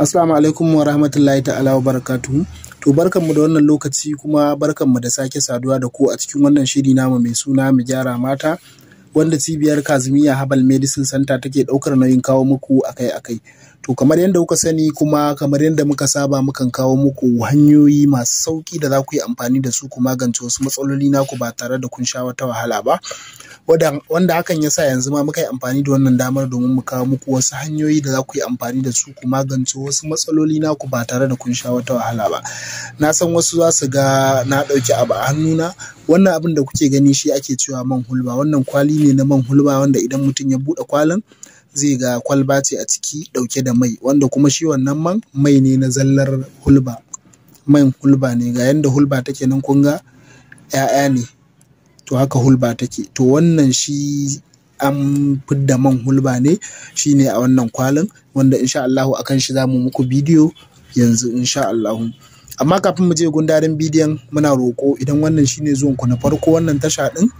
Assalamu alaikum wa rahmatullahi ta'ala wa barakatuhu. To barkanmu da wannan lokaci kuma barkanmu da sake saduwa da ku a cikin wannan shiri namu mai suna mu gyara mata wanda cibiyar Kazumiya Habal Medicine Center take ɗaukar nauyin kawo muku akai-akai. To kamar yadda kuka sani kuma kamar yadda muka saba mukan kawo muku hanyoyi masu sauki da za ku yi amfani da su ku magance wasu matsaloli naku ba tare da kun sha wata wahala ba. Wanda hakan ya sa yanzu ma muka yi amfani da wannan damar domin mu kawo muku wasu hanyoyi da za ku yi amfani da su ku magance wasu matsaloli na ku ba tare da kun sha wata wahala ba. Na san wasu za su ga na ɗauki abu a hannuna wannan abin da kuke gani shi ake cewa man hulba wannan kwali ne na man hulba wanda idan mutum ya buɗe kwalin zai ga kwalba ce a ciki dauke da mai wanda kuma shi wannan man mai ne na zallar hulba man hulba ne ga yanda hulba take nan kun ga 'ya'ya ne to haka hulba take to wannan shi an fidda man hulba ne shi ne a wannan kwalin wanda insha Allahu akan shi za mu muku bidiyo yanzu insha Allahu amma kafin mu je gundarin bidiyon muna roƙo, idan wannan shine zuwan ku na farko wannan tasha din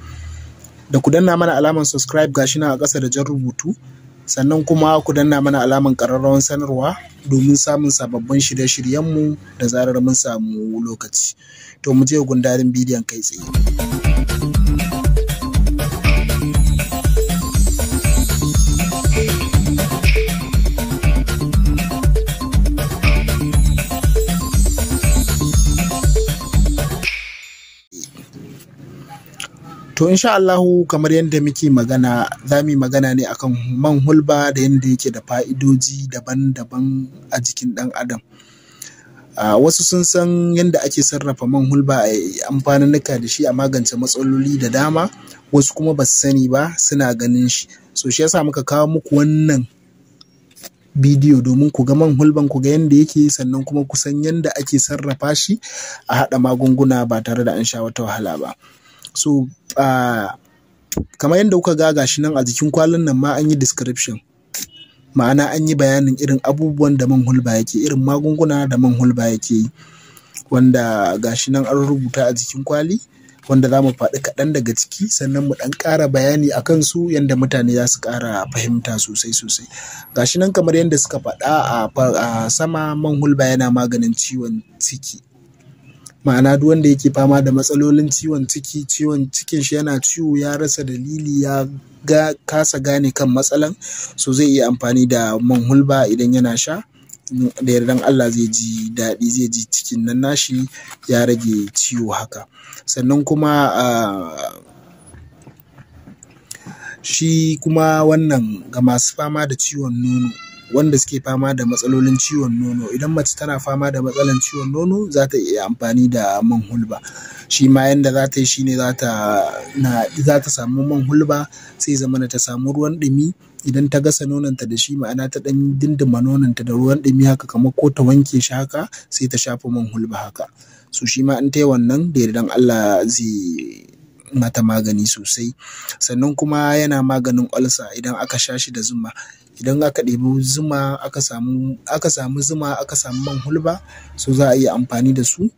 da ku danna mana alamar subscribe gashi na a ƙasa da jan rubutu sannan kuma ku danna mana alaman ƙararrawar sanarwa domin samun sababbin shirye-shiryenmu da zarar mun samu lokaci to mu je gundarin bidiyon kai tsaye To insha Allahu kamar yadda muke magana za mu magana ne akan man hulba da yadda yake da fa'idoji daban-daban a jikin ɗan adam. wasu sun san yadda ake sarrafa man hulba a amfaninnika da shi a magance matsaloli da dama wasu kuma ba su sani ba suna ganin shi. So shi yasa muka kawo muku wannan bidiyo domin ku ga man hulban ku ga yadda yake sannan kuma kusan yadda ake sarrafa shi a haɗa magunguna ba tare da an sha wata wahala ba. so uh, kamar yadda kuka ga gashi nan a jikin kwalin nan ma an yi description ma'ana an yi bayanin irin abubuwan da man hulba yake irin magunguna da man hulba yake yi wanda gashi nan an rubuta a jikin kwali wanda za mu faɗi kaɗan daga ciki sannan mu ɗan ƙara bayani a kansu yadda mutane za su ƙara fahimta sosai sosai gashi nan kamar yadda suka faɗa a sama man hulba yana maganin ciwon ciki ma'ana duk wanda yake fama da matsalolin ciwon ciki ciwon cikin shi yana ciwo ya rasa dalili ya ga kasa gane kan matsalan so zai iya amfani da man hulba idan yana sha da yardan Allah zai ji daɗi zai ji cikin nan nashi ya rage ciwo haka sannan kuma shi kuma wannan ga masu fama da ciwon nono wanda suke fama da matsalolin ciwon nono idan mace tana fama da matsalan ciwon nono za ta iya amfani da man hulba shi ma yanda za ta yi shine za ta samu man hulba sai zamana ta samu ruwan ɗumi idan ta gasa nononta da shi ma'ana ta ɗan dindima nononta da ruwan ɗumi haka kamar ko ta wanke shi haka sai ta shafa man hulba haka su shi ma in ta yi wannan da yardan Allah zai mata magani sosai sannan kuma yana maganin olsa idan aka sha shi da zuma idan aka ɗebi zuma aka samu zuma aka samu man hulba so za a iya amfani da su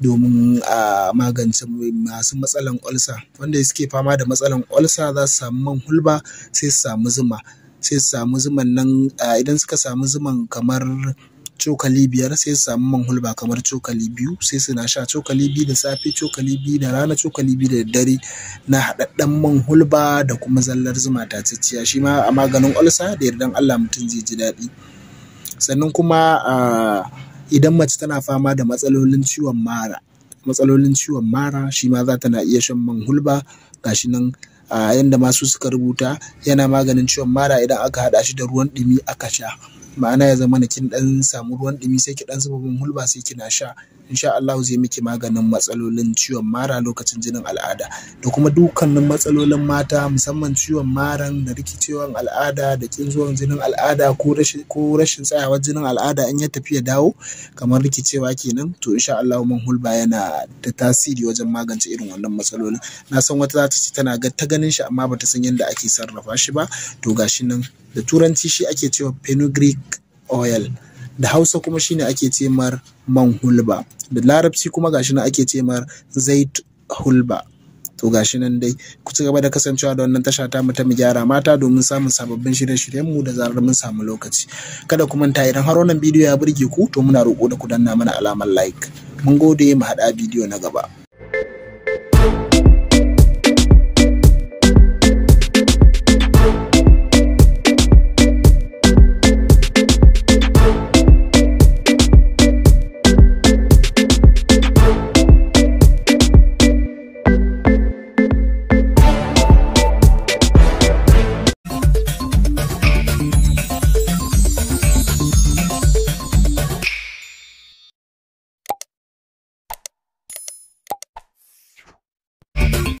domin a magance masu matsalan olsa wanda suke fama da matsalan olsa za su samu man hulba sai su samu zuma sai su samu zuman nan idan suka samu zuman kamar cokali biyar sai su samu man hulba kamar cokali biyu sai suna sha cokali biyu da safe cokali biyu da rana cokali biyu da daddare na haɗaɗɗen man hulba da kuma zallar zuma tatacciya shi ma a maganin olsa da yardan Allah mutum zai ji daɗi sannan kuma idan mace tana fama da matsalolin ciwon mara matsalolin ciwon mara shi ma za ta na iya shan man hulba gashi nan a yanda masu suka rubuta yana maganin ciwon mara idan aka haɗa shi da ruwan ɗumi aka sha ma'ana ya zama kin dan samu ruwan dumi sai ki dan zuba min hulba sai kina sha insha Allah zai miki maganin matsalolin ciwon mara lokacin jinin al'ada da kuma dukkanin matsalolin mata musamman ciwon maran da rikicewan al'ada da kin zuwan jinin al'ada ko rashin ko rashin jinin al'ada in ya tafi ya dawo kamar rikicewa kenan to insha Allah man hulba yana da tasiri wajen magance irin wannan matsalolin na san wata zata ci tana ga ta ganin shi amma bata san yadda ake sarrafa shi ba to gashi nan da turanci shi ake cewa fenugreek oil da hausa kuma shi ne ake ce mar man hulba da larabci kuma gashi nan ake ce mar zait hulba to gashi nan dai ku ci gaba da kasancewa da wannan tasha ta mu ta mu gyara mata domin samun sababbin shirye-shiryen mu da zarar mun samu lokaci kada ku manta idan har wannan bidiyo ya burge ku to muna roƙo da ku danna mana alamar like mun gode mu hada bidiyo na gaba